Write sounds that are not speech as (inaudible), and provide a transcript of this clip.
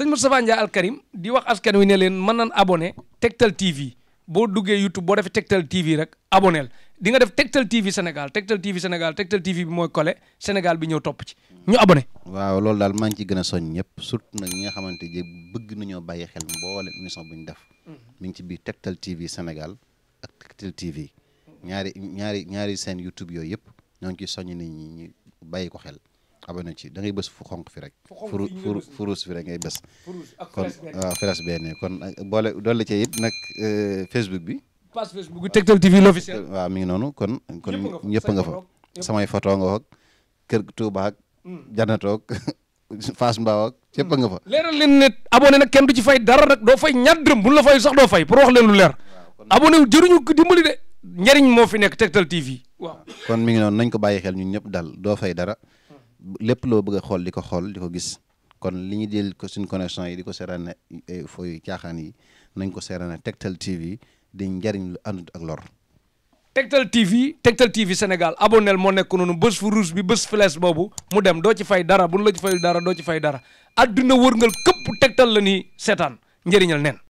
sëñ Moustapha Ndiaye Al Karim di wax askan wi ne leen mën nan abonné Tektal TV boo duggee YouTube boo defee Tektal TV rek abonné dinga def Tektal TV senegal Tektal TV Sénégal Tektal TV bi mooy collé Sénégal bi ñëw topp ci ñu abone waaw loolu daal maa ngi ci gën a soñ ñëpp surtout nag ñi nga xamante ne bëgg nañoo bàyyi xel mboole émission bu ñu def. Mhm. mi ngi ci biir Tektal TV Sénégal ak Tektal TV. ñaari ñaari ñaari seen YouTube yooyu yëpp ñoo ngi ciy soññ nit ñi ñu bàyyi ko xel. abonné ci da ngay bës fu xonq fi rek. fu furuus fi rek ngay bës. kon waaw flash benn kon boole doole ci it nag euh, Facebook bi. page TV l'officiel. waaw mi ngi noonu kon. kon ñëpp nga fa samay photo nga fa kër Touba ak. Hmm. Janatoog (laughs) Fass Mbao ak hmm. ñëpp nga fa. leeral leen ne abonné nag kenn du ci fay dara doo fay ñaar dërëm bu la fay sax doo fay pour wax leen lu leer. abonné wu jëruñu ko dimbali de njëriñ moo fi nekk Tektal TV. waaw kon mi ngi noonu nañ ko bàyyi xel ñun ñëpp daal doo fay dara. lépp loo bëgg xool di ko xool di ko gis kon li ñu jël ko suñ connexion yi di ko seeraane e, fooy caaxaan yi nañ ko seeraane Tektal TV di njariñ lu àndut ak lor. Tektal TV Tektal TV Sénégal abonnel moo nekk noonu bés fu ruus bi bës flèche boobu mu dem doo ci fay dara bu nu la ci fay dara doo ci fay dara àdduna wërngal këpp Tektal la ni seetaan njëriñal neen